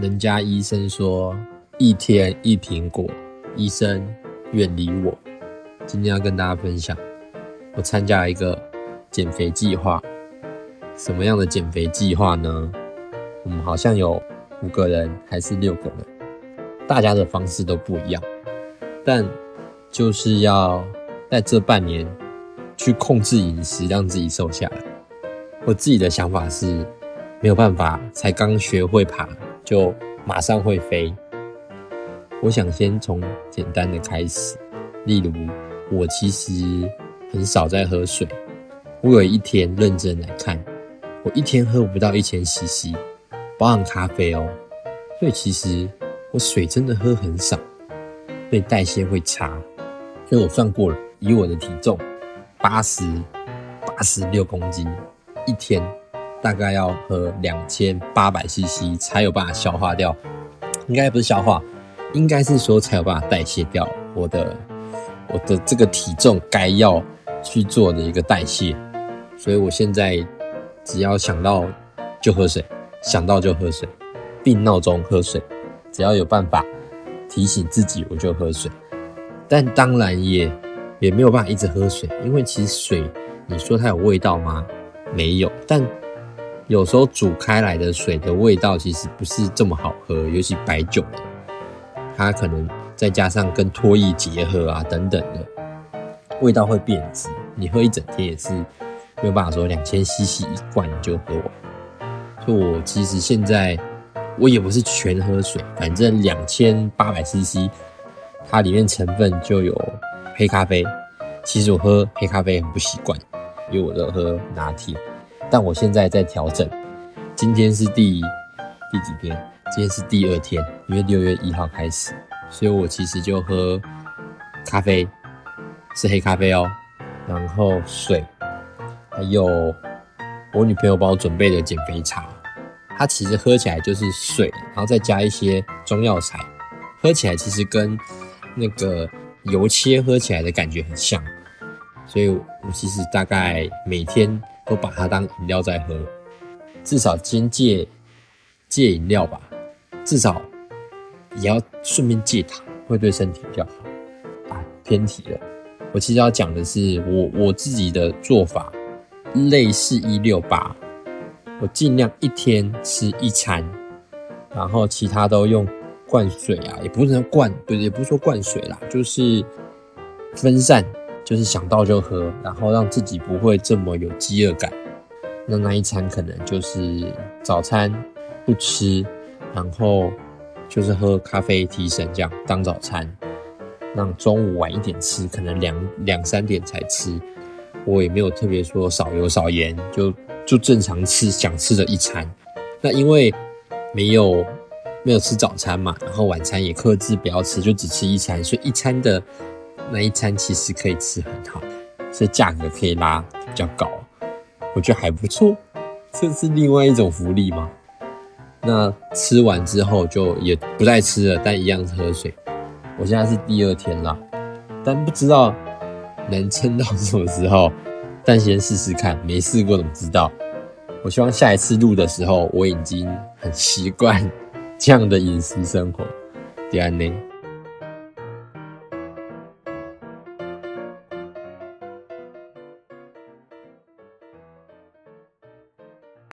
人家醫生說：“一天一蘋果，醫生遠離我。”今天要跟大家分享，我參加了一個減肥計劃。什麼樣的減肥計劃呢？我們好像有五個人還是六個人？大家的方式都不一樣，但就是要在這半年去控制飲食，讓自己瘦下來。我自己的想法是沒有辦法，才剛學會爬。就馬上會飛。我想先從簡單的開始，例如我其實很少在喝水。我有一天認真來看，我一天喝不到一千 CC，包含咖啡哦、喔。所以其實我水真的喝很少，所以代謝會差。所以我算過了，以我的體重八十八十六公斤，一天。大概要喝兩千八百 CC 才有辦法消化掉，應該不是消化，應該是說才有辦法代謝掉我的我的這個體重該要去做的一個代謝。所以我現在只要想到就喝水，想到就喝水，定鬧鐘喝水，只要有辦法提醒自己我就喝水。但當然也也沒有辦法一直喝水，因為其實水，你說它有味道嗎？沒有，但。有時候煮開來的水的味道其實不是這麼好喝，尤其白酒的，它可能再加上跟唾液結合啊等等的，味道會變質。你喝一整天也是沒有辦法說兩千 CC 一罐你就喝完。就我其實現在我也不是全喝水，反正兩千八百 CC 它裡面成分就有黑咖啡。其實我喝黑咖啡很不習慣，因為我都喝拿鐵。但我現在在調整，今天是第第幾天？今天是第二天，因為六月一號開始，所以我其實就喝咖啡，是黑咖啡哦，然後水，還有我女朋友幫我準備的減肥茶，它其實喝起來就是水，然後再加一些中藥材，喝起來其實跟那個油切喝起來的感覺很像，所以我其實大概每天。都把它當飲料在喝，至少先戒戒飲料吧，至少也要順便戒糖，會對身體比較好。哎、啊，偏題了。我其實要講的是，我我自己的做法類似一六八，我盡量一天吃一餐，然後其他都用灌水啊，也不是說灌，對，也不是說灌水啦，就是分散。就是想到就喝，然後讓自己不會這麼有飢餓感。那那一餐可能就是早餐不吃，然後就是喝咖啡提神，這樣當早餐。那中午晚一點吃，可能兩兩三點才吃。我也沒有特別說少油少鹽，就就正常吃，想吃的一餐。那因為沒有沒有吃早餐嘛，然後晚餐也克制不要吃，就只吃一餐，所以一餐的。那一餐其實可以吃很好，所以價格可以拉比較高，我覺得還不錯。這是另外一種福利嗎？那吃完之後就也不再吃了，但一樣喝水。我現在是第二天啦，但不知道能撐到什麼時候，但先試試看，沒試過怎麼知道？我希望下一次錄的時候我已經很習慣這樣的飲食生活。第二呢？